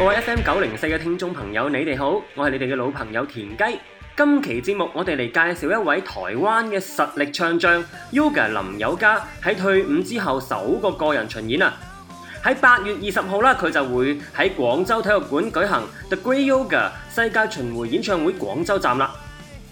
各位 FM 九零四嘅聽眾朋友，你哋好，我係你哋嘅老朋友田雞。今期節目我哋嚟介紹一位台灣嘅實力唱將 Yoga 林宥嘉喺退伍之後首個個人巡演啊！喺八月二十號啦，佢就會喺廣州體育館舉行 The Great Yoga 世界巡迴演唱會廣州站啦。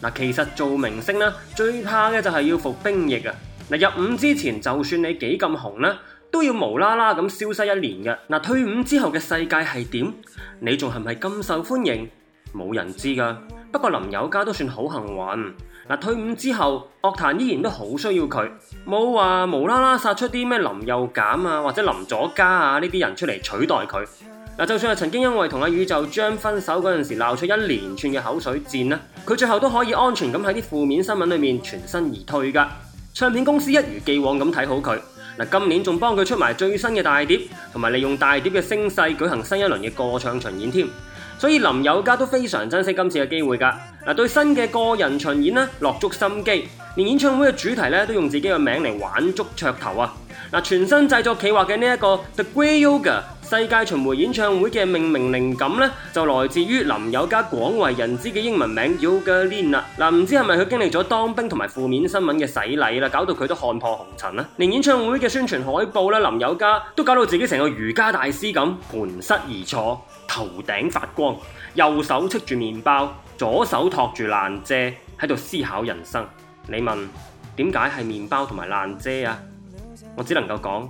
嗱，其實做明星呢最怕嘅就係要服兵役啊！嗱，入伍之前就算你幾咁紅啦。都要無啦啦咁消失一年㗎。退伍之後嘅世界係點？你仲係咪係咁受歡迎？冇人知㗎。不過林宥嘉都算好幸運。退伍之後樂壇依然都好需要佢，冇話無啦啦殺出啲咩林宥儉呀，或者林左嘉呀呢啲人出嚟取代佢。就算係曾經因為同阿宇宙將分手嗰陣時鬧出一連串嘅口水戰啦，佢最後都可以安全咁喺啲負面新聞裏面全身而退㗎。唱片公司一如既往咁睇好佢。今年仲幫佢出埋最新嘅大碟，同埋利用大碟嘅聲勢舉行新一輪嘅歌唱巡演添。所以林宥嘉都非常珍惜今次嘅機會㗎。對新嘅個人巡演落足心機，連演唱會嘅主題都用自己嘅名嚟玩足噱頭啊！全新製作企劃嘅呢一個 The Grey Yoga。世界巡迴演唱會嘅命名靈感呢，就來自於林宥嘉廣為人知嘅英文名 Yoga Lin 啦。嗱、嗯，唔知係咪佢經歷咗當兵同埋負面新聞嘅洗禮啦，搞到佢都看破紅塵啦。連演唱會嘅宣傳海報咧，林宥嘉都搞到自己成個瑜伽大師咁盤膝而坐，頭頂發光，右手握住麵包，左手托住爛遮，喺度思考人生。你問點解係麵包同埋爛遮啊？我只能夠講。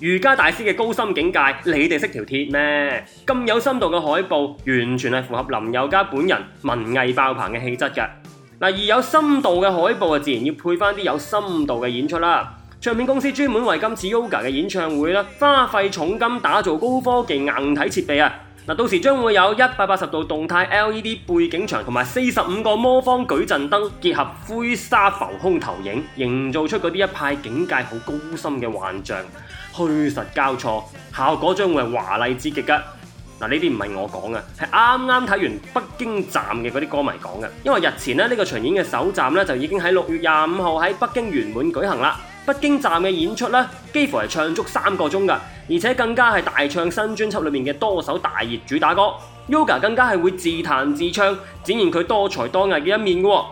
瑜伽大師嘅高深境界，你哋識條鐵咩？咁有深度嘅海報，完全係符合林宥嘉本人文藝爆棚嘅氣質嘅。而有深度嘅海報自然要配返啲有深度嘅演出啦。唱片公司專門為今次 Yoga 嘅演唱會花費重金打造高科技硬體設備。到時將會有一百八十度動態 LED 背景牆同埋四十五個魔方矩陣燈結合灰沙浮空投影，營造出嗰啲一派境界好高深嘅幻象，虛實交錯，效果將會係華麗之極噶。嗱，呢啲唔係我講嘅，係啱啱睇完北京站嘅嗰啲歌迷講嘅。因為日前咧呢，呢個巡演嘅首站呢，就已經喺六月廿五號喺北京圓滿舉行喇。北京站嘅演出咧，幾乎係唱足三個鐘嘅，而且更加係大唱新專輯裏面嘅多首大熱主打歌。Yoga 更加係會自彈自唱，展現佢多才多藝嘅一面嘅。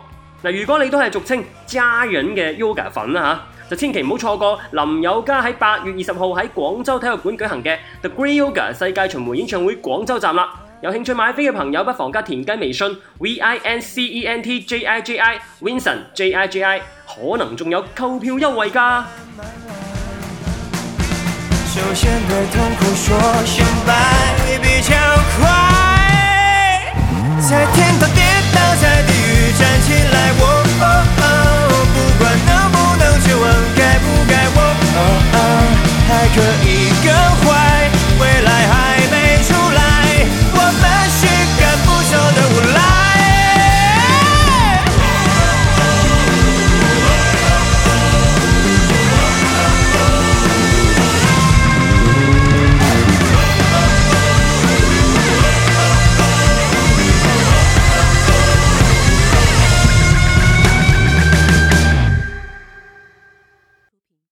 如果你都係俗稱家人嘅 Yoga 粉、啊、就千祈唔好錯過林宥嘉喺八月二十號喺廣州體育館舉行嘅 The Great Yoga 世界巡迴演唱會廣州站啦。有興趣買飛嘅朋友不妨加田雞微信 Vincent J I J I Vincent J I J I。N C e N T J I J I, 可能仲有購票優惠㗎。